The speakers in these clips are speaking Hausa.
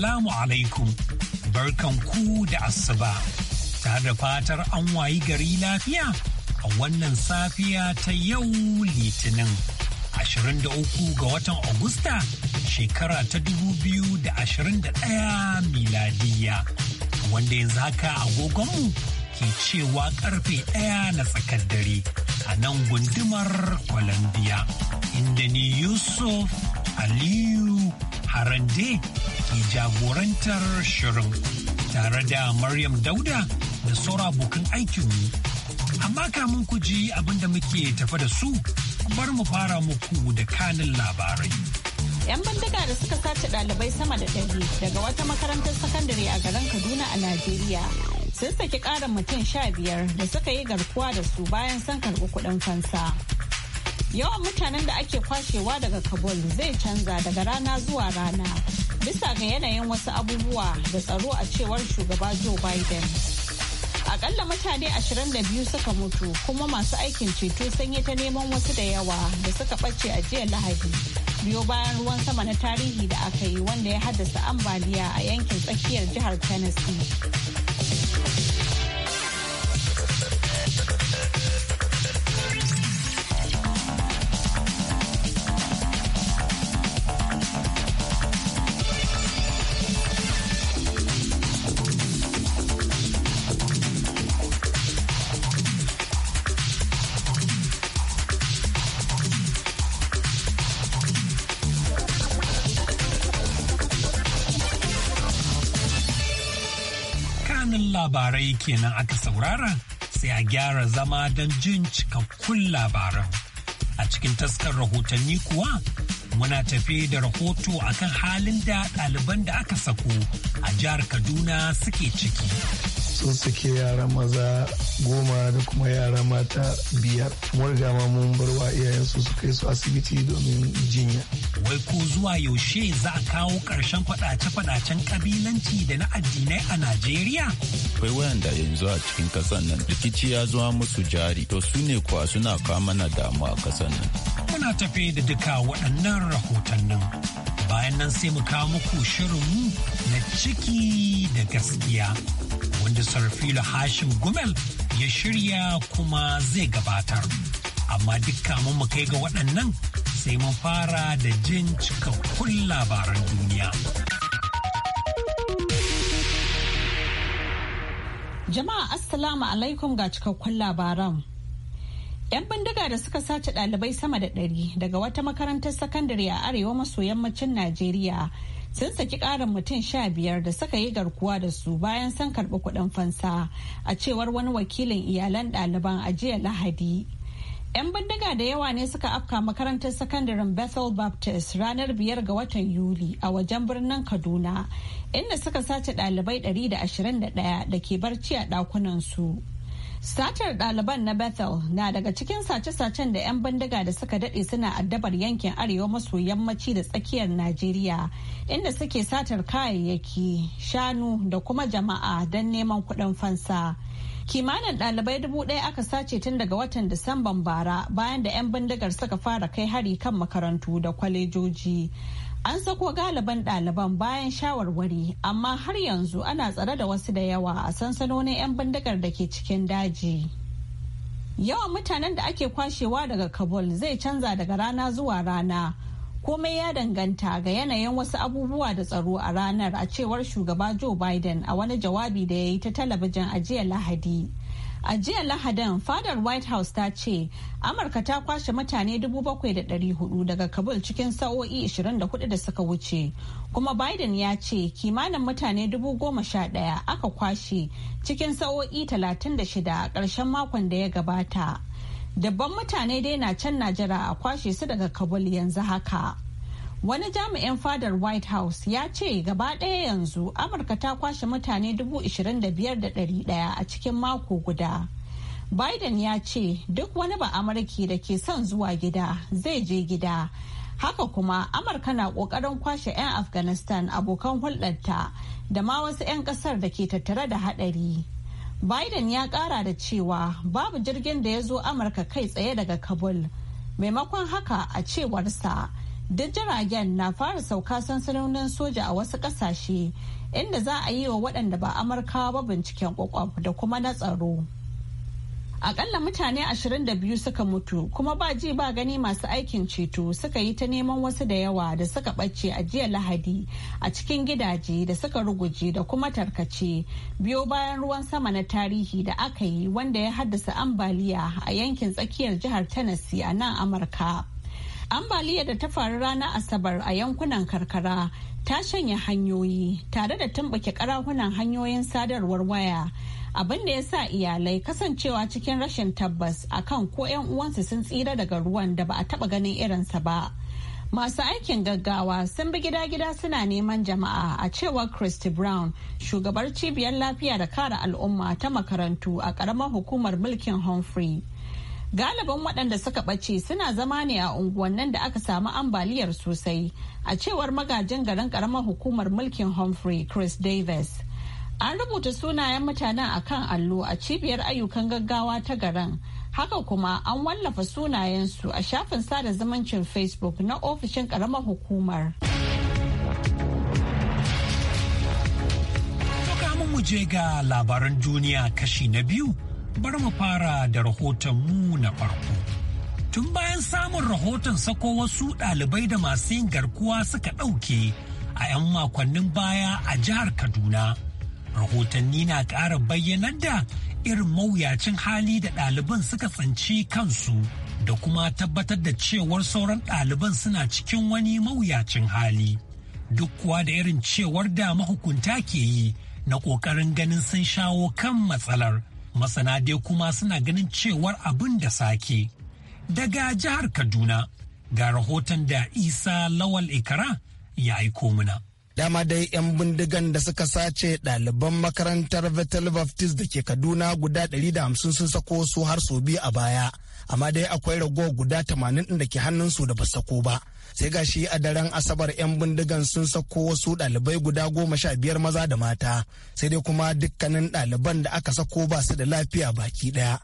Assalamu alaikum, barkan ku da asuba, tare da fatar an wayi gari lafiya a wannan safiya ta yau litinin uku ga watan Agusta shekara ta dubu biyu da da ashirin 2021 miladiya, wanda yanzu haka agogonmu ke cewa karfe ɗaya na tsakar dare a nan gundumar Colombia, inda ni Yusuf Aliyu Harande ke jagorantar shirin tare da Maryam Dauda da saura abokan aikinmu. Amma kamun ku ji abin da muke tafa da su, bar mu fara muku da kanin labarai. 'Yan bindiga da suka sace ɗalibai sama da ɗari daga wata makarantar sakandare a garin Kaduna a Najeriya. Sun saki ƙarin mutum sha biyar da suka yi garkuwa da su bayan son karɓi kuɗin fansa. Yawan mutanen da ake kwashewa daga Kabul zai canza daga rana zuwa rana. bisa ga yanayin wasu abubuwa da tsaro a cewar shugaba Joe Biden. Akalla mutane 22 suka mutu kuma masu aikin ceto sun yi ta neman wasu da yawa da suka ɓace a jiya Lahadi. Biyo bayan ruwan sama na tarihi da aka yi wanda ya haddasa ambaliya a yankin tsakiyar jihar Tennessee. labarai kenan aka saurara sai a gyara zama don jin cikakkun labaran. A cikin taskar rahotanni kuwa muna tafe da rahoto akan halin da ɗaliban da aka sako a jihar Kaduna suke ciki. Sun suke yara maza goma da kuma yara mata biyar. Mun mun bar wa iyayensu su kai su asibiti domin jinya. wai ko zuwa yaushe za a kawo ƙarshen faɗace-faɗacen kabilanci da na addinai a Najeriya? Akwai wayanda yanzu a cikin ƙasar nan rikici ya zuwa musu jari to su ne kuwa suna kama na damu a ƙasar nan. Muna tafe da duka waɗannan rahoton nan Bayan nan sai mu kawo muku mu na ciki da gaskiya wanda Sarfilo Hashim Gumel ya shirya kuma zai gabatar. Amma dukka mu kai ga waɗannan sai mun fara da jin cikakkun labaran duniya. Jama'a Assalamu alaikum ga cikakkun labaran. 'Yan bindiga da suka sace ɗalibai sama da ɗari daga wata makarantar sakandare a arewa maso yammacin Najeriya sun saki ƙarin mutum sha biyar da suka yi garkuwa da su bayan sun karɓi kuɗin fansa a cewar wani wakilin iyalan ɗaliban a jiya Lahadi. 'Yan bindiga da yawa ne suka afka makarantar sakandaren Bethel Baptist ranar biyar ga watan Yuli a wajen birnin Kaduna, inda suka sace ɗalibai 121 da ke barci a ɗakunansu. Satar ɗaliban na Bethel na daga cikin sace-sacen da 'yan bindiga da suka daɗe suna addabar yankin arewa maso yammaci da tsakiyar Najeriya, inda suke satar kayayyaki, shanu da kuma jama'a don neman kuɗin fansa. kimanin ɗalibai dubu ɗaya aka sace tun daga watan disamban bara bayan da 'yan bindigar suka fara kai hari kan makarantu da kwalejoji an sako galiban ɗaliban bayan shawarwari amma har yanzu ana tsare da wasu da yawa a sansanonin 'yan bindigar da ke cikin daji yawan mutanen da ake kwashewa daga kabul zai canza daga rana zuwa rana komai ya danganta ga yanayin wasu abubuwa da tsaro a ranar a cewar shugaba joe biden a wani jawabi da ya yi ta talabijin a jiya lahadi a jiya lahadin fadar white house ta ce amurka ta kwashe mutane 7,400 daga kabul cikin sa'o'i 24 da suka wuce kuma biden ya ce kimanin mutane 11,000 aka kwashe cikin sa'o'i 36 a karshen makon da ya gabata dabban mutane dai na can najera a kwashe su daga kabul yanzu haka wani jami'in fadar white house ya ce gaba ɗaya yanzu amurka ta kwashe mutane 25,100 a cikin mako guda biden ya ce duk wani ba amurki da ke son zuwa gida zai je gida haka kuma amurka na kokarin kwashe 'yan afghanistan abokan hulɗarta da ma wasu 'yan ƙasar da ke tattare da haɗari Biden ya kara da cewa babu jirgin da ya zo Amurka kai tsaye daga Kabul. Maimakon haka a cewarsa, duk jiragen na fara sauka sansanonin soja a wasu kasashe inda za a yi wa waɗanda ba Amurkawa ba binciken kwakwaf da kuma na tsaro. Akalla mutane 22 suka mutu kuma ba ji ba gani masu aikin ceto suka yi ta neman wasu da yawa da suka ɓace a jiya lahadi a cikin gidaje da suka ruguje da kuma tarkace biyo bayan ruwan sama na tarihi da aka yi wanda ya haddasa ambaliya a yankin tsakiyar jihar Tennessee a nan Amurka. Ambaliya da ta faru ranar Asabar a yankunan karkara ta shanya hanyoyi tare da tumbuke karahunan hanyoyin sadarwar waya. abin da ya sa iyalai kasancewa cikin rashin tabbas akan ko 'yan uwansu sun tsira daga ruwan da ba a taba ganin irinsa ba. Masu aikin gaggawa sun bi gida-gida suna neman jama'a a cewar Christy Brown, shugabar cibiyar lafiya da kare al'umma ta makarantu a karamar hukumar mulkin Humphrey. Galibin waɗanda suka ɓace suna zama ne a unguwannin da aka samu ambaliyar sosai, a cewar magajin garin karamar hukumar mulkin Humphrey, Chris Davis. An rubuta sunayen mutanen a kan allo a cibiyar ayyukan gaggawa ta garin. Haka kuma an wallafa sunayensu a shafin sada zumuncin Facebook na ofishin karamar hukumar. mu je ga labaran duniya kashi na biyu bar mu fara da rahotonmu na farko. Tun bayan samun rahoton sako wasu ɗalibai da masu yin garkuwa suka ɗauke a 'yan makonnin baya a jihar Kaduna. rahotanni na ƙara bayyanar da irin mawuyacin hali da ɗaliban suka tsanci kansu da kuma tabbatar da cewar sauran ɗaliban suna cikin wani mawuyacin hali duk kuwa da irin cewar da mahukunta ke yi na ƙoƙarin ganin sun shawo kan matsalar masana dai kuma suna ganin cewar abin da sake daga jihar kaduna ga rahoton da isa lawal ikara ya aiko muna. dama dai 'yan bindigan da suka sace ɗaliban makarantar Vettel Baptist da ke Kaduna guda 150 sun sako su har sau biyu a baya, amma dai akwai rago guda 80 da ke hannunsu da ba sako ba. Sai gashi a daren Asabar 'yan bindigan sun sako wasu ɗalibai guda goma sha biyar maza da mata, sai dai kuma dukkanin ɗaliban da aka sako ba su da lafiya baki ɗaya.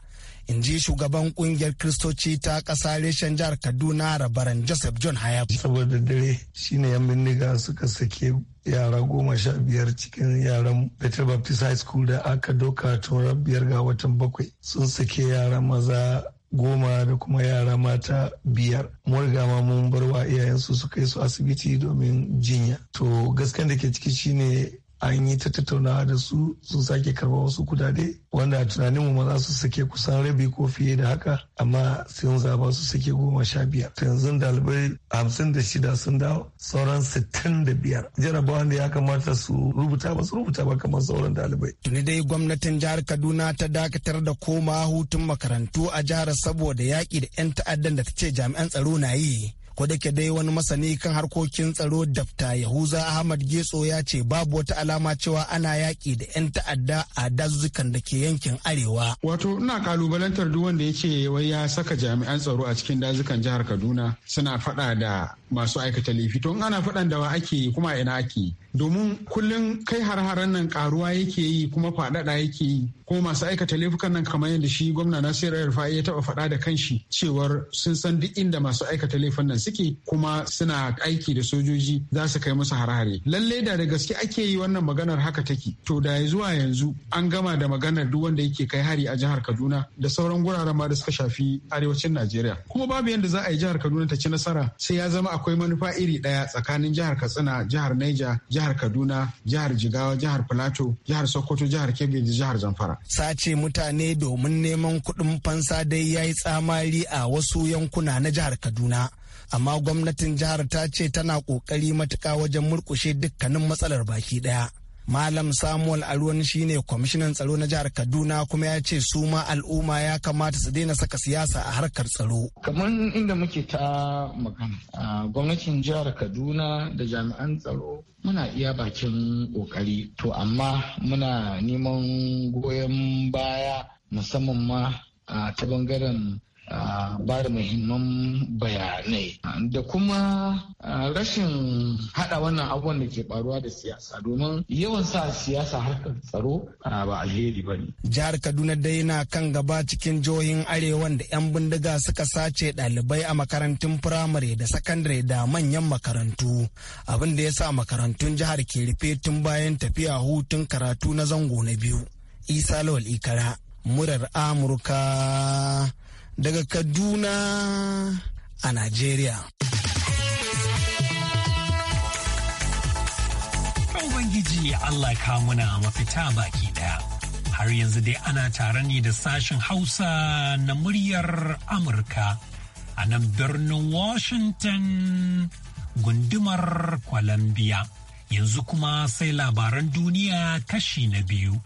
in ji shugaban kungiyar kristoci ta ƙasa reshen jihar kaduna rabaran joseph john hayab saboda dare shine yan bindiga suka sake yara goma sha biyar cikin yaran Peter Baptist High School da aka doka tun biyar ga watan bakwai sun sake yara maza goma da kuma yara mata biyar murga ma mun barwa wa iyayensu su kai su asibiti domin jinya to gaskan da ke ciki shine an yi ta tattaunawa da su su sake karɓar wasu kudade wanda tunanin mu maza su sake kusan rabi ko fiye da haka amma sun zaba su sake goma sha biyar yanzu dalibai hamsin da shida sun dawo sauran sittin da biyar jarabawa da ya kamata su rubuta ba su rubuta ba kamar sauran dalibai. tuni dai gwamnatin jihar kaduna ta dakatar da koma hutun makarantu a jihar saboda yaƙi da 'yan ta'addan da ta ce jami'an tsaro na yi ko da ke dai wani masani kan harkokin tsaro dafta yahuza ahmad getso ya ce babu wata alama cewa ana yaƙi da 'yan ta'adda a dazuzzukan da ke yankin arewa wato ina kalubalantar duk wanda ya ce wai ya saka jami'an tsaro a cikin dazukan jihar kaduna suna faɗa da masu aikata laifi to in ana faɗan da wa ake kuma ina ake domin kullum kai har-haren nan karuwa yake yi kuma faɗaɗa yake yi Ko masu aikata laifukan nan kamar yadda shi gwamna Nasiru Rufai ya taɓa faɗa da kanshi cewar sun san duk inda masu aikata laifin nan suke kuma suna aiki da sojoji za su kai musu har-hare lallai da da gaske ake yi wannan maganar haka take to da zuwa yanzu an gama da maganar duk wanda yake kai hari a jihar Kaduna da sauran guraren ma da suka shafi arewacin Najeriya kuma babu yadda za a yi jihar Kaduna ta ci nasara sai ya zama akwai manufa iri ɗaya tsakanin jihar Katsina jihar Niger jihar jihar kaduna jihar jigawa jihar filato jihar sokoto jihar kebbi da jihar zamfara sace mutane domin neman kuɗin fansa dai ya yi tsamari a wasu yankuna na jihar kaduna amma gwamnatin jihar ta ce tana ƙoƙari matuƙa wajen murƙushe dukkanin matsalar baki ɗaya Malam Samuel Aruwan shine kwamishinan tsaro na jihar Kaduna kuma ya ce su ma al'umma ya kamata su daina saka siyasa a harkar tsaro. Kamar inda muke ta magana, gwamnatin jihar Kaduna da jami'an tsaro muna iya bakin kokari to amma muna neman goyon baya musamman ma ta bangaren ba da muhimman bayanai da kuma rashin hada wannan abubuwan da ke faruwa da siyasa domin yawan sa siyasa harkar tsaro ba alheri ba ne. Jihar Kaduna dai na kan gaba cikin jihohin arewa da 'yan bindiga suka sace ɗalibai a makarantun firamare da sakandare da manyan makarantu abin da ya sa makarantun jihar ke rufe tun bayan tafiya hutun karatu na zango na biyu. Isa Lawal Ikara, murar Amurka daga Kaduna a Najeriya. Ubangiji Allah ka muna mafita baki daya. Har yanzu dai ana tare ne da sashen Hausa na muryar Amurka a nan birnin Washington gundumar Columbia. Yanzu kuma sai labaran duniya kashi na biyu.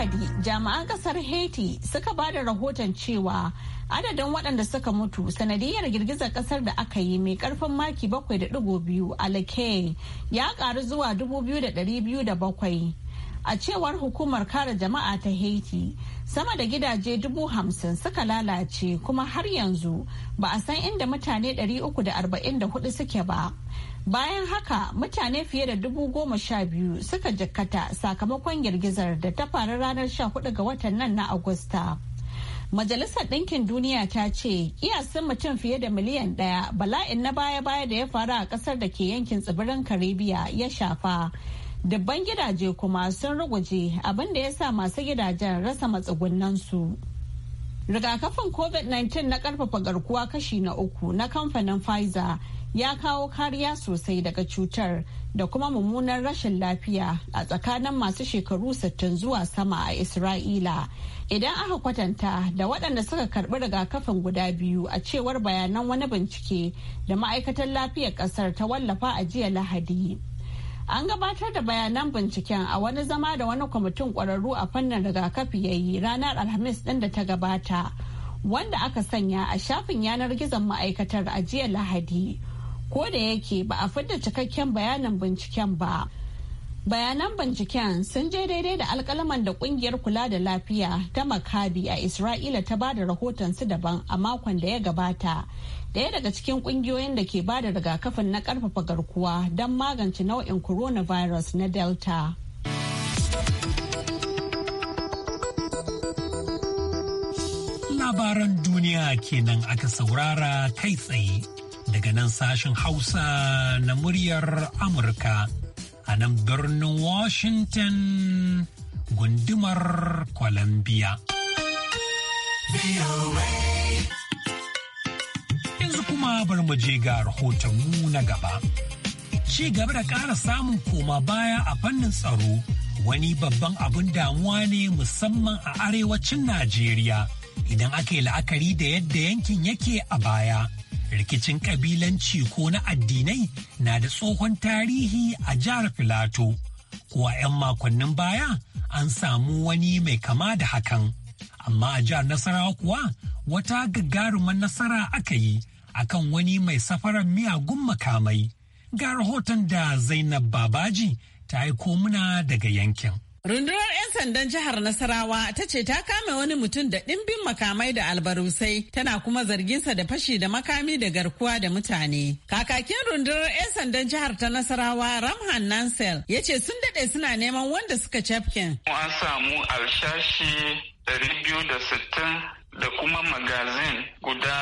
Lahadi jami'an kasar Haiti suka ba da rahoton cewa adadin waɗanda suka mutu sanadiyar girgizar kasar da aka yi mai karfin maki 7.2 a Lake ya ƙaru zuwa 2,207. A cewar hukumar kare jama'a ta Haiti, sama da gidaje dubu hamsin suka lalace kuma har yanzu ba a san inda mutane 344 suke ba. bayan haka mutane fiye da dubu goma sha biyu suka jikkata sakamakon girgizar da ta faru ranar sha hudu ga watan nan na agusta majalisar ɗinkin duniya ta ce sun mutum fiye da miliyan ɗaya bala'in na baya-baya da ya faru a ƙasar da ke yankin tsibirin karibiya ya shafa dubban gidaje kuma sun ruguje abinda ya sa masu gidajen rasa matsugunansu. rigakafin covid-19 na karfafa garkuwa kashi na uku na kamfanin pfizer ya kawo kariya sosai daga cutar da kuma mummunar rashin lafiya a tsakanin masu shekaru 60 zuwa sama a Isra'ila. Idan aka kwatanta da waɗanda suka karɓi rigakafin guda biyu a cewar bayanan wani bincike da ma'aikatar lafiyar ƙasar ta wallafa a jiya Lahadi. An gabatar da bayanan binciken a wani zama da wani kwamitin ƙwararru a fannin rigakafi ya yi ranar Alhamis ɗin da ta gabata, wanda aka sanya a shafin yanar gizon ma'aikatar a jiya Lahadi. ko da yake ba a fidda cikakken bayanan binciken ba. Bayanan binciken sun je daidai da alkalaman da kungiyar kula da lafiya ta makabi a Isra'ila ta bada su daban a makon da ya gabata. Daya daga cikin kungiyoyin da ke bada rigakafin na karfafa garkuwa don magance nau'in coronavirus na Delta. Labaran duniya kenan aka saurara kai tsaye daga nan sashen Hausa na muryar Amurka a nan birnin Washington gundumar Columbia. Yanzu kuma bar mu je ga rahotonmu na gaba. Ci gaba da ƙara samun koma baya a fannin tsaro wani babban abun damuwa ne musamman a arewacin Najeriya. idan aka yi la'akari da yadda yankin yake a baya rikicin kabilanci ko na addinai na da tsohon tarihi a jihar filato ko a 'yan makonnin baya an samu wani mai kama da hakan amma a jihar nasarawa kuwa wata gagarumar nasara aka yi akan wani mai safarar miyagun makamai ga rahoton da zainab babaji ta aiko muna daga yankin Rundunar 'yan sandan jihar Nasarawa ta ce ta kame wani mutum da ɗimbin makamai da albarusai tana kuma zarginsa da fashi da makami da garkuwa da mutane. Kakakin rundunar 'yan sandan jihar ta Nasarawa Ramhan Nansel ya ce sun daɗe suna neman wanda suka cafken. An samu alshashi da kuma magazin guda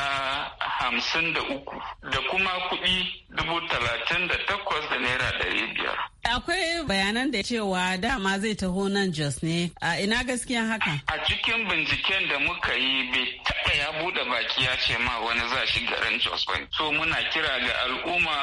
hamsin da uku da kuma kuɗi dubu talatin da takwas da naira ɗari biyar. Akwai bayanan da cewa dama zai taho nan Jos ne, a ina gaskiyan haka? A cikin binciken da muka yi bai taɓa ya buɗe baki ya ce ma wani za shi garin Jos ba. So muna kira ga al'umma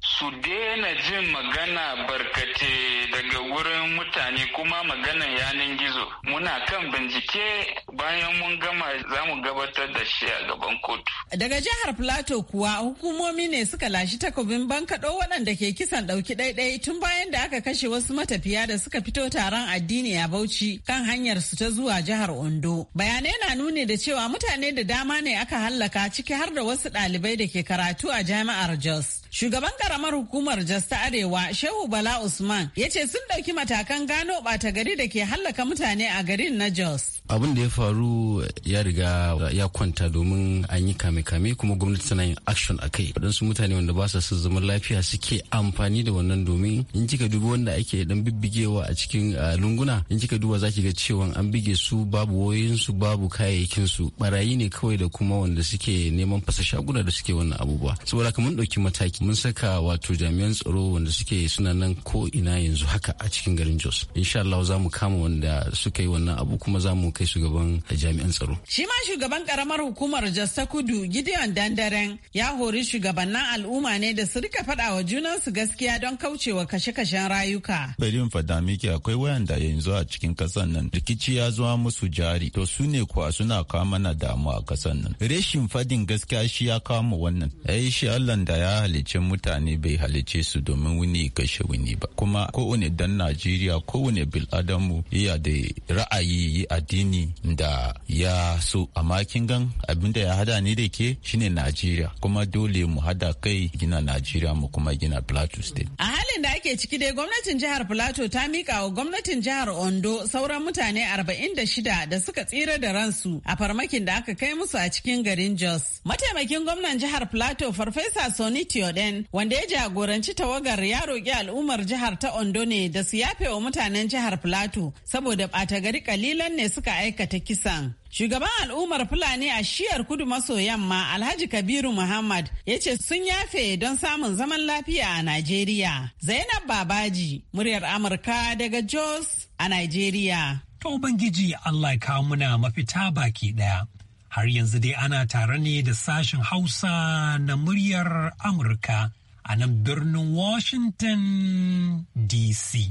su daina jin magana barkate daga wurin mutane kuma magana yanin gizo. Muna kan bincike bayan mun gama za mu gabatar da shi a gaban kotu. Daga jihar Plateau kuwa hukumomi ne suka lashi takobin bankaɗo waɗanda ke kisan ɗauki ɗaiɗai tun bayan bayan da aka kashe wasu matafiya da suka fito taron addini a Bauchi kan hanyar su ta zuwa jihar Ondo. Bayanai na nuni da cewa mutane da dama ne aka hallaka ciki har da wasu ɗalibai da ke karatu a jami'ar Jos. Shugaban karamar hukumar Jos ta Arewa, Shehu Bala Usman, ya ce sun ɗauki matakan gano ɓata gari da ke hallaka mutane a garin na Jos. Abin da ya faru ya riga ya kwanta domin an yi kame-kame kuma gwamnati tana yin action a kai. Waɗansu mutane wanda ba sa son zaman lafiya suke amfani da wannan domin in kika dubi wanda ake dan bibbigewa a cikin lunguna in kika duba zaki ga cewa an bige su babu wayoyin su babu kayayyakin su barayi ne kawai da kuma wanda suke neman fasa shaguna da suke wannan abubuwa saboda kamar dauki mataki mun saka wato jami'an tsaro wanda suke suna nan ko ina yanzu haka a cikin garin Jos insha Allah za mu kama wanda suka yi wannan abu kuma za mu kai su gaban jami'an tsaro shi ma shugaban karamar hukumar Jos Kudu Gideon Dandaren ya hori shugabannin al'umma ne da su rika faɗa wa junansu gaskiya don kaucewa kashe karkashin rayuka. Bari mu fada miki akwai wayanda yanzu a cikin kasan nan rikici ya zuwa musu jari to su ne kuwa suna kawo mana damu a kasan nan. Reshin fadin gaskiya shi ya kawo mu wannan. Ai shi Allah da ya halicci mutane bai halicce su domin wuni kashe wuni ba. Kuma kowane dan Najeriya kowane bil'adamu iya da ra'ayi addini da ya so amma kin gan abinda ya hada ni da ke shine Najeriya kuma dole mu hada kai gina Najeriya mu kuma gina Plateau State. A halin da ake ci ciki dai gwamnatin jihar Filato ta mika wa gwamnatin jihar Ondo sauran mutane 46 da suka tsira da ransu a farmakin da aka kai musu a cikin garin Jos. Mataimakin gwamnan jihar Filato Farfesa Sonny Tioden wanda ya jagoranci tawagar ya roƙi al'ummar jihar ta Ondo ne da su yafe wa mutanen jihar Filato saboda ɓata gari kalilan ne suka aikata kisan. Shugaban al'ummar Fulani a shiyar kudu maso yamma Alhaji Kabiru Muhammad ya ce sun yafe don samun zaman lafiya a Najeriya. Zainab Babaji, muryar Amurka daga Jos a Najeriya. Ta Ubangiji Allah ya kawo muna mafita baki daya, Har yanzu dai ana tare ne da sashen Hausa na muryar Amurka a nan birnin Washington DC.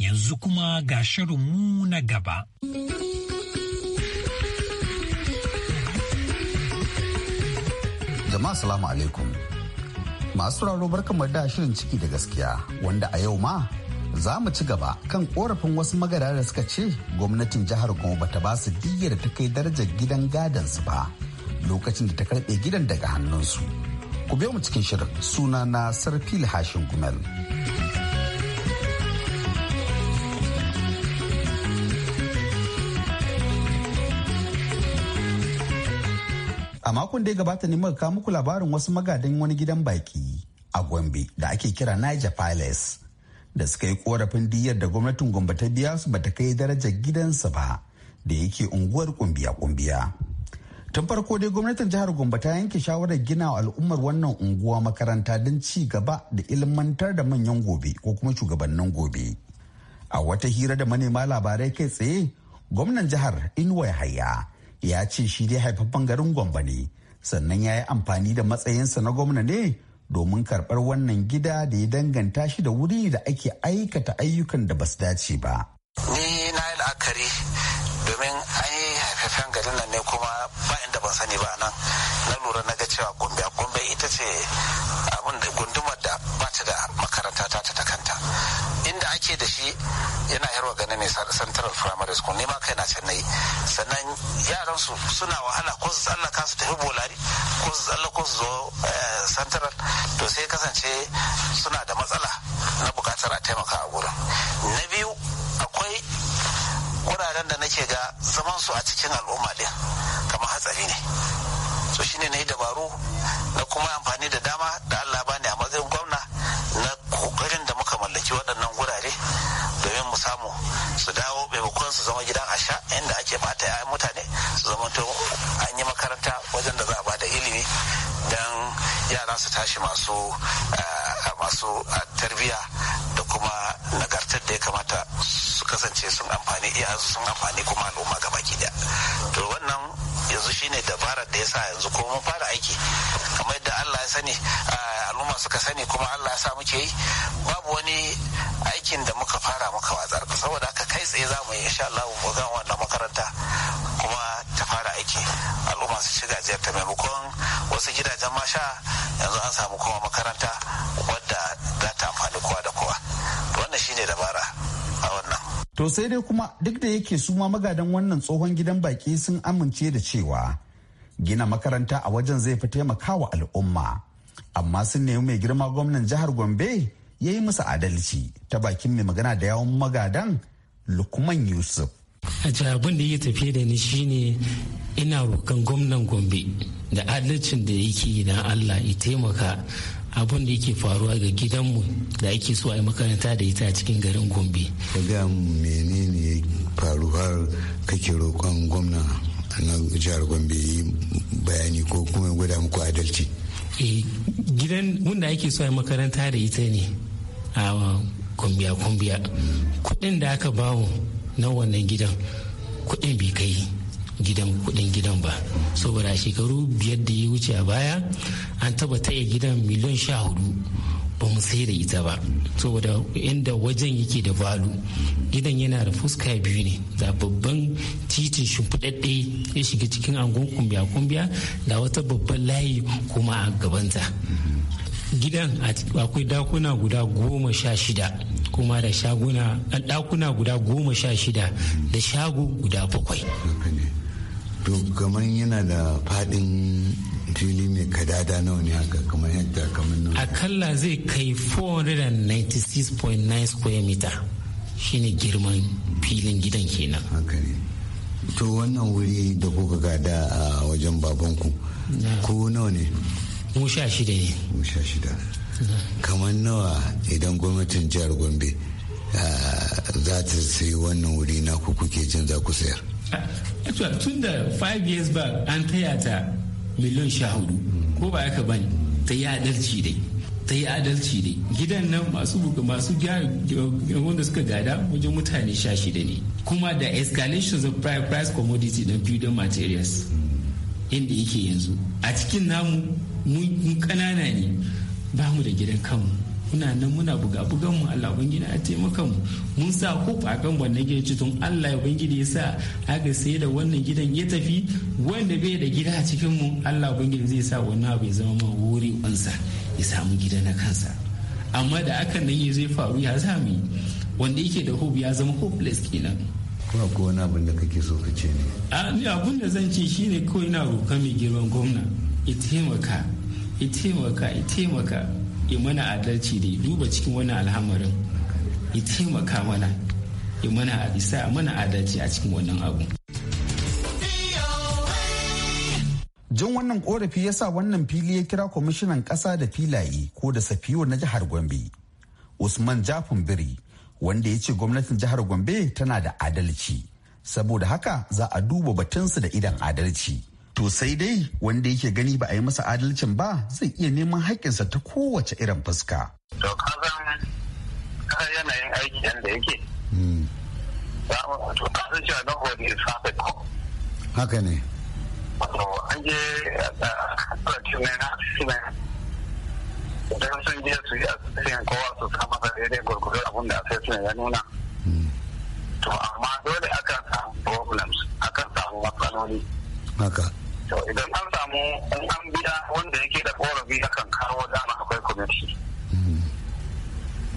Yanzu kuma ga shirinmu na gaba. jama'a salamu alaikum masu raro barkamar da shirin ciki da gaskiya wanda a yau ma za mu ci gaba kan korafin wasu magada da suka ce gwamnatin jihar kuma bata ba su diyyar ta kai darajar gidan gadon su ba lokacin da ta karbe gidan daga hannunsu ku biyo mu cikin shirin suna na sarfil hashin gumel. A makon da ya gabata ne muka kawo muku labarin wasu magadan wani gidan baki a Gombe da ake kira Niger Palace da suka yi korafin diyar da gwamnatin Gombe ta biya su bata kai darajar gidansa ba da yake unguwar kumbiya-kumbiya. Tun farko dai gwamnatin jihar Gombe ta yanke shawarar gina wa al'ummar wannan unguwa makaranta don ci gaba da ilmantar da manyan gobe ko kuma shugabannin gobe. A wata hira da manema labarai kai tsaye, gwamnan jihar Inuwa haya. ya ce shi dai haifaffen garin Gombe ne sannan ya yi amfani da matsayinsa na gwamna ne domin karɓar wannan gida da ya danganta shi da wuri da ake aikata ayyukan da basu dace ba. Ni na yi la'akari domin an yi haifafen garin nan ne kuma ba inda ban sani ba nan na lura na ga cewa Gombe Gombe ita ce ake da shi yana yarwa gane ne central primary school ne ma kai na can nayi sannan yaran su suna wahala ko su tsallaka su tafi bolari ko su tsalla, ko su zo eh, central to sai kasance suna da matsala na bukatar a taimaka a gurin na biyu akwai wuraren da nake ga zaman su a cikin al'umma din kamar hatsari ne so shine na yi dabaru na kuma amfani da dama su tashi masu eh, masu eh, tarbiya da kuma nagartar da ya kamata su kasance sun amfani iya sun amfani kuma al'umma ga baki da to wannan yanzu shine dabarar da ya sa yanzu ko mun fara aiki kamar yadda allah ya sani eh, al'umma suka sani kuma allah ya sa muke yi babu wani aikin da muka fara muka watsar saboda haka kai tsaye za mu yi insha allah mu ga wannan makaranta kuma ta fara aiki al'umma su shiga ziyarta maimakon wasu gidajen masha yanzu an samu kuma makaranta wadda za ta amfani kowa da kowa wannan shine dabara a wannan to sai dai kuma duk da yake su ma magadan wannan tsohon gidan baki sun amince da cewa gina makaranta a wajen zai fi taimakawa al'umma amma sun nemi mai girma gwamnan jihar gombe ya yi musu adalci ta bakin mai magana da yawon magadan lukman yusuf a abin da ya tafi da ni shine ina rokan gwamnan gombe da adalcin da yake na Allah ya taimaka abun da yake faruwa ga gidanmu da ake so a yi makaranta da ita a cikin garin gombe ka ga menene ya faru har kake roƙon gwamna na jihar gombe yi bayani ko kuma gwada muku adalci eh, gidan wanda ake so a yi makaranta da ita ne a kumbiya kumbiya kudin da aka bawo na wannan gidan kudin bai kai gidan kudin gidan ba saboda shekaru biyar da ya wuce a baya an taba taya gidan miliyan sha hudu ba mu sai da ita ba saboda inda wajen yake da balu gidan yana da fuska biyu ne da babban titin shimfiɗaɗɗe ya shiga cikin angon kumbiya-kumbiya da wata babban layi kuma a gabanta gidan akwai dakuna guda goma sha shida kuma da shaguna dakuna guda goma sha shida da shago guda bakwai to kamar yana da fadin fili mai kadada nawa ne haka kamar yadda kamar nawa akalla zai kai 496.9 square meter shine girman filin gidan kenan haka ne to wannan wuri da kuka gada a wajen babanku ko nawa ne mu sha shida ne mu sha shida kamar nawa idan gwamnatin jihar gombe ah, za ta sayi wannan wuri na ku kuke jin za ku sayar tun da 5 years back an taya ta miliyan sha hudu ko ba aka bani ta yi adalci dai ta yi adalci dai gidan nan masu buga masu wanda suka gada wajen mutane sha shida ne kuma da escalations of price commodity na building materials inda yake yanzu a cikin namu mun kanana ne ba mu da gidan kanmu kuna nan muna buga bugan mu Allah ubangiji ya taimaka mu mun sa a kan wannan gidan ci tun Allah ubangiji ya sa aka sai da wannan gidan ya tafi wanda bai da gida a cikin mu Allah ubangiji zai sa wannan abu ya zama ma wuri wansa ya samu gida na kansa amma da aka nan zai faru ya sami wanda yake da hope ya zama hopeless kenan kuma ko wani abin da kake so ka ce ne abin da zan ce shine kawai na roƙa mai girman gwamna ya taimaka ya taimaka ya taimaka ya mana adalci da ya duba cikin wani alhamarin ya taimaka mana ya mana isa mana adalci a cikin wannan abu jin wannan korafi ya sa wannan fili ya kira kwamishinan ƙasa da filaye ko da safiyo na jihar gombe usman jafin biri wanda ya ce gwamnatin jihar gombe tana da adalci saboda haka za a duba batunsu da idan adalci To sai dai wanda yake gani ba a yi masa adalcin ba zai iya neman haƙƙinsa ta kowace irin fuska. To kasan yanayin aiki yadda yake. Hmm. Haka ne. an je a cikin idan sun je su yi asibitin kowa su sa masa daidai gwargwado abin da asibitin ya nuna hmm. to amma dole akan samu problems akan samu matsaloli haka idan an samu in an biya wanda yake da korafi akan kawo dama akwai kwamiti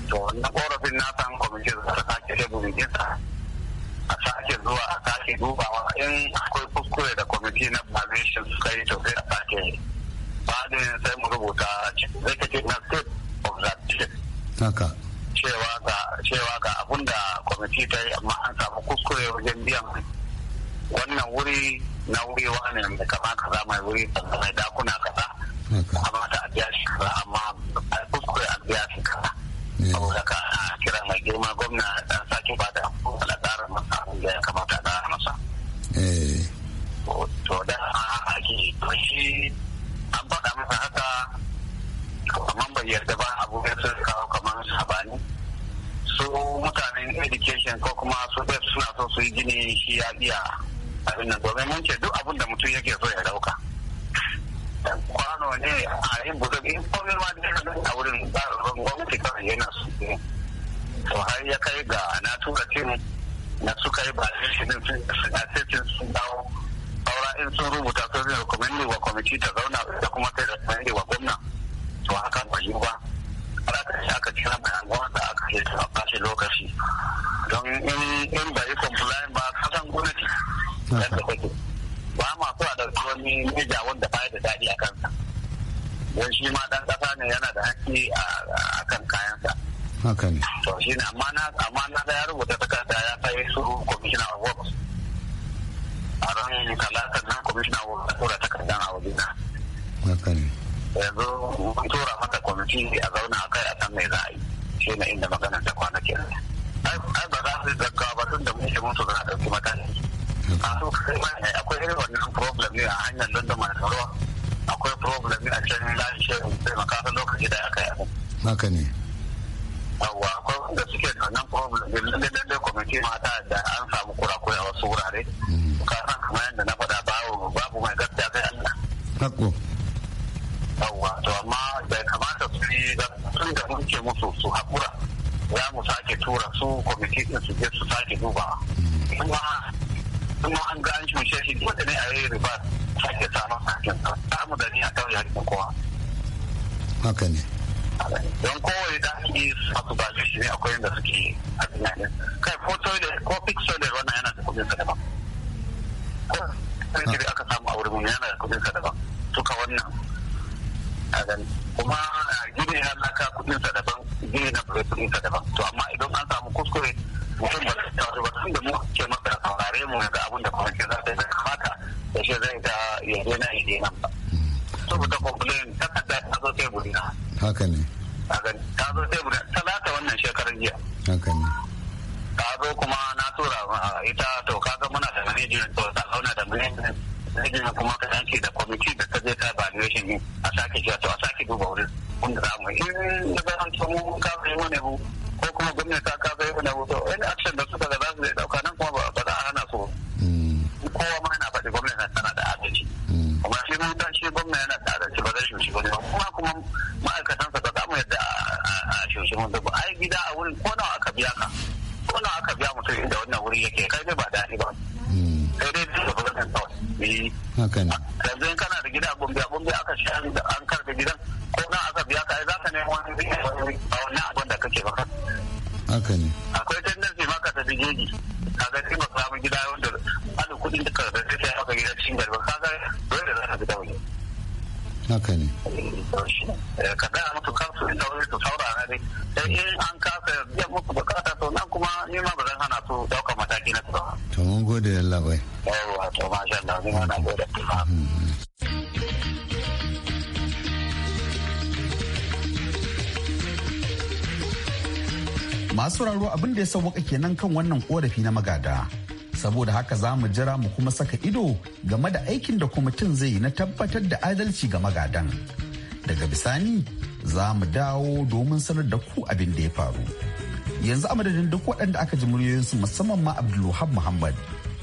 to wannan korafin na san kwamiti za ta sake teburin a sake zuwa a sake dubawa in akwai kuskure da kwamiti na valuation suka yi to sai a sake badin sai mu rubuta zai kace na state of that haka cewa ga cewa ga abinda kwamiti ta yi amma an samu kuskure wajen biyan wannan wuri na wuri ne da kama kaza mai wuri kaza mai dakuna kaza kamata a ajiya shi kaza amma a kuskure a biya shi kaza saboda ka kira mai girma gwamna dan sake ba da kuma tsarin masa da ya kamata a tsara masa eh. to da ake to shi an faɗa masa haka kamar bai yarda ba abu ya sun kawo kamar sabani su mutanen education ko kuma su suna so su yi gini shi ya iya abin nan domin mun ce duk abin da mutum yake so ya dauka kwano ne a yin buzo in komin ma da a wurin gwamnati kawai yana su to har ya kai ga na tura tim na suka yi ba shi din sun asirin sun dawo saura in sun rubuta sun zai rekomendi wa kwamiti ta zauna da kuma sai rekomendi wa gwamna to haka ba yi ba har ta shi aka cira mai anguwa da aka yi a bashi lokaci don in bai yi complain ba kasan gwamnati ba ma so a ɗauki wani mija wanda baya da daɗi a kansa don shi ma dan ƙasa ne yana da haƙƙi a kan kayansa haka ne to shi ne amma na amma na da ya rubuta takarda ya kai su commissioner of works a ran nan commissioner of works tura a haka ne yanzu mun tura mata a zauna a kai a san mai za a yi shi ne inda magana ta kwana kenan ai ba za su akwai irin wannan problem ne a hanyar don da mai tsaro akwai problem ne a can lashe sai makasa lokaci da aka yi haka ne yawa akwai wanda suke da wannan problem ne lalle lalle kwamiti mata da an samu kurakurai a wasu wurare hmm. ka san kamar yadda na faɗa babu babu mai gaskiya sai Allah hako yawa to amma bai kamata su yi tun da muke musu su haƙura za mu sake tura su kwamiti din su je su sake dubawa kuma an ga an cuce shi wanda ne a yi riba sake samun hakin sa samu da ni a kan yari kowa haka ne don kowane daki masu ba shi ne akwai yadda suke a tunanin kai ko toilet ko fix toilet wannan yana da kudin sa daban ko toilet da aka samu a wurin yana da kudin sa daban su ka wannan a gani kuma gini na laka kudin sa daban gini na kudin sa daban to amma haka ne ta zo sai guda talata wannan shekarar jiya haka ne ta zo kuma na tura ita to kaga muna da management to ta zauna da management kuma ka yanke da kwamiti da ta zai ta evaluation a sake jiya da an karfe gidan ko na aka biya ka za ka nemo wani a wannan abin da kake ba haka ne da sauwaka kenan kan wannan korafi na magada saboda haka za mu jira mu kuma saka ido game da aikin da kwamitin zai yi na tabbatar da adalci ga magadan daga bisani za mu dawo domin sanar da ku abin da ya faru yanzu a madadin duk waɗanda aka ji muryoyinsu musamman ma abdulwahab muhammad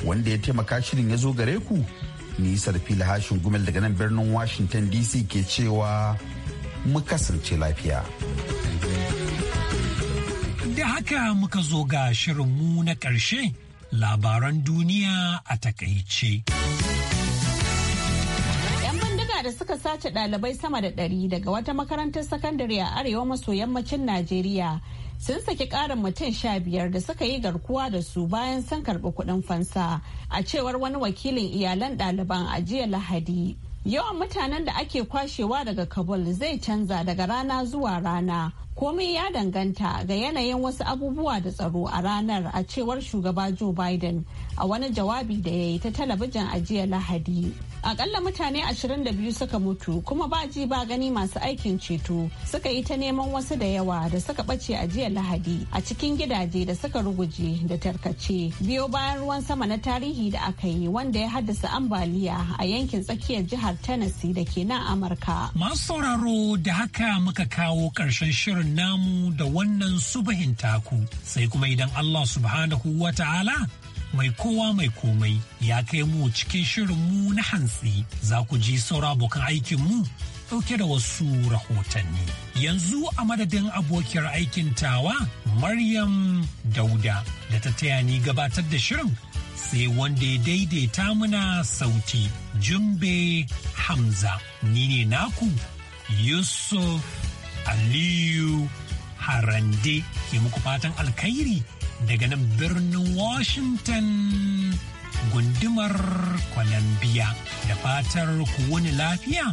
wanda ya taimaka shirin ya zo gare ku ni fili hashin gumel daga nan birnin washington dc ke cewa mu kasance lafiya. da haka muka zo ga shirinmu na ƙarshe labaran duniya a takaice. Yan bindiga da suka sace ɗalibai sama da ɗari daga wata makarantar sakandare a arewa maso yammacin Najeriya sun saki ƙarin mutum sha biyar da suka yi garkuwa da su bayan sun karɓi kuɗin fansa a cewar wani wakilin iyalan ɗaliban a jiya Lahadi. Yawan mutanen da ake kwashewa daga Kabul zai canza daga rana zuwa rana komai ya danganta ga yanayin wasu abubuwa da tsaro a ranar a cewar shugaba joe biden a wani jawabi da ya yi ta talabijin a jiya lahadi akalla mutane 22 suka mutu kuma ba ji ba gani masu aikin ceto suka yi ta neman wasu da yawa da suka bace a jiya lahadi a cikin gidaje da suka ruguje da tarkace biyo bayan ruwan sama na tarihi da aka yi wanda ya haddasa ambaliya a yankin tsakiyar jihar tennessee da ke nan amurka masu sauraro da haka muka kawo karshen shirin shirin namu da wannan subahin taku sai kuma idan Allah subhanahu wa ta'ala mai kowa mai komai ya kai mu cikin shirin mu na hantsi za ku ji saura abokan mu ɗauke da wasu rahotanni. Yanzu a madadin abokiyar aikin tawa Maryam Dauda da ta taya ni gabatar da shirin sai wanda ya daidaita muna sauti Jumbe Hamza. Ni ne naku Yusuf Aliyu Harande ke muku fatan alkhairi daga nan birnin Washington gundumar Columbia da fatar ku wani lafiya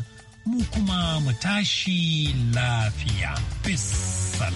mu kuma mu tashi lafiya. Peace.